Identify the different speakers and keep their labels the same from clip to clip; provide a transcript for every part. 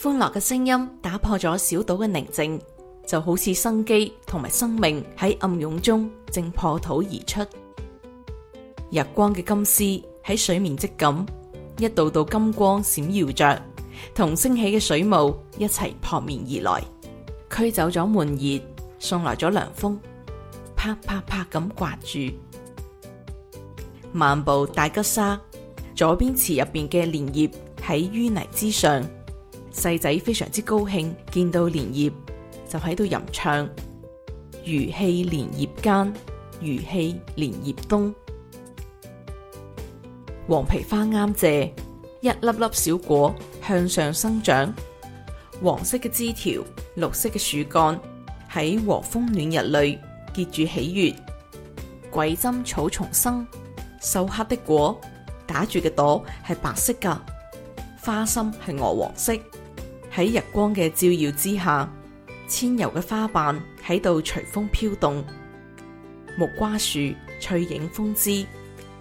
Speaker 1: 歡樂嘅聲音打破咗小島嘅寧靜，就好似生機同埋生命喺暗湧中正破土而出。日光嘅金絲喺水面織錦，一道道金光閃耀着，同升起嘅水霧一齊撲面而來，驅走咗悶熱，送來咗涼風，啪啪啪咁颳住。漫步大吉沙，左邊池入邊嘅蓮葉喺淤泥之上。細仔非常之高興，見到蓮葉就喺度吟唱，魚戲蓮葉間，魚戲蓮葉東。黃皮花啱謝，一粒粒小果向上生長，黃色嘅枝條，綠色嘅樹幹，喺和風暖日裏結住喜悅。鬼針草叢生，瘦黑的果，打住嘅朵係白色噶，花心係鵝黃色。喺日光嘅照耀之下，纖柔嘅花瓣喺度隨風飄動。木瓜樹翠影風姿，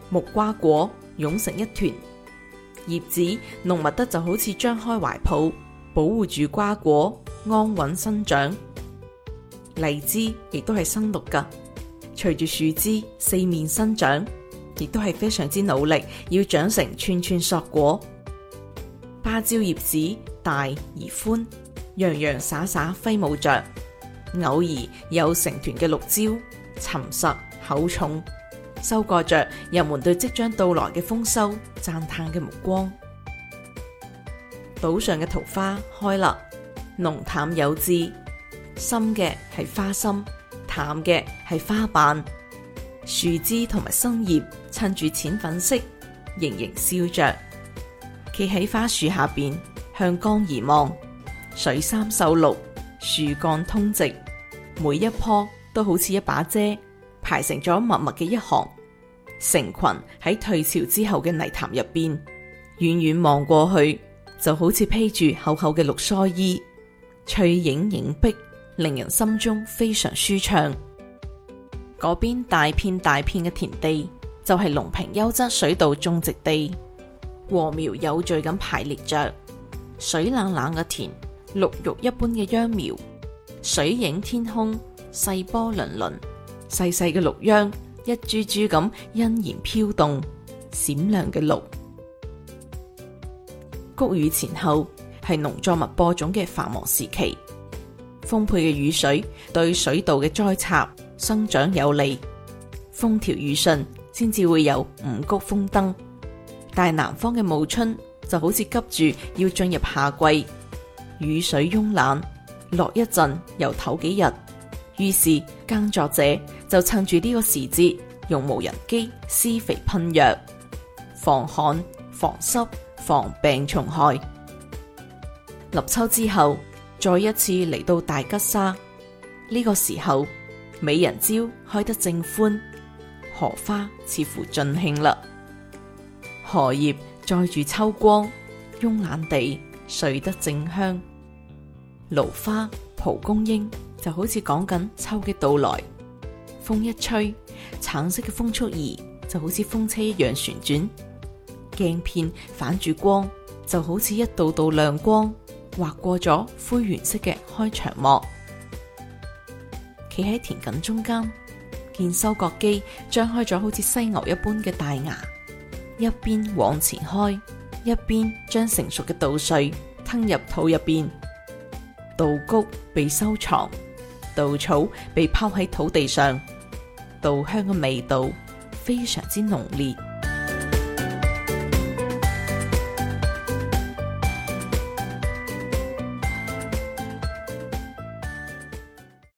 Speaker 1: 木瓜果擁成一團，葉子濃密得就好似張開懷抱，保護住瓜果安穩生長。荔枝亦都係新綠噶，隨住樹枝四面生長，亦都係非常之努力要長成串串碩果。芭蕉葉子。大而寬，洋洋灑灑揮舞着；偶爾有成團嘅綠蕉，沉實厚重，收割着人們對即將到來嘅豐收讚嘆嘅目光。島上嘅桃花開啦，濃淡有致，深嘅係花心，淡嘅係花瓣，樹枝同埋新葉襯住淺粉色，盈盈笑着，企喺花樹下邊，向江而望，水杉秀綠，樹幹通直，每一棵都好似一把遮，排成咗密密嘅一行，成群喺退潮之後嘅泥潭入邊，遠遠望過去就好似披住厚厚嘅綠蓑衣，翠影映碧，令人心中非常舒暢。嗰邊大片大片嘅田地就係、是、隆平優質水稻種植地，禾苗有序咁排列着。水冷冷嘅田，綠玉一般嘅秧苗，水映天空，細波粼粼，細細嘅綠秧一株株咁欣然飄動，閃亮嘅綠。谷雨前後係農作物播種嘅繁忙時期，豐沛嘅雨水對水稻嘅栽插生長有利，風調雨順先至會有五穀豐登。但係南方嘅暮春。就好似急住要進入夏季，雨水慵懶，落一陣又唞幾日。於是耕作者就趁住呢個時節，用無人機施肥噴藥，防旱、防濕、防病蟲害。立秋之後，再一次嚟到大吉沙，呢個時候美人蕉開得正歡，荷花似乎盡興啦，荷葉。載住秋光，慵懶地睡得正香。蘆花、蒲公英就好似講緊秋嘅到來。風一吹，橙色嘅風速儀就好似風車一樣旋轉。鏡片反住光，就好似一道道亮光劃過咗灰鉛色嘅開場幕。企喺田埂中間，見收割機張開咗好似犀牛一般嘅大牙。一邊往前開，一邊將成熟嘅稻穗吞入肚入邊，稻谷被收藏，稻草被拋喺土地上，稻香嘅味道非常之濃烈。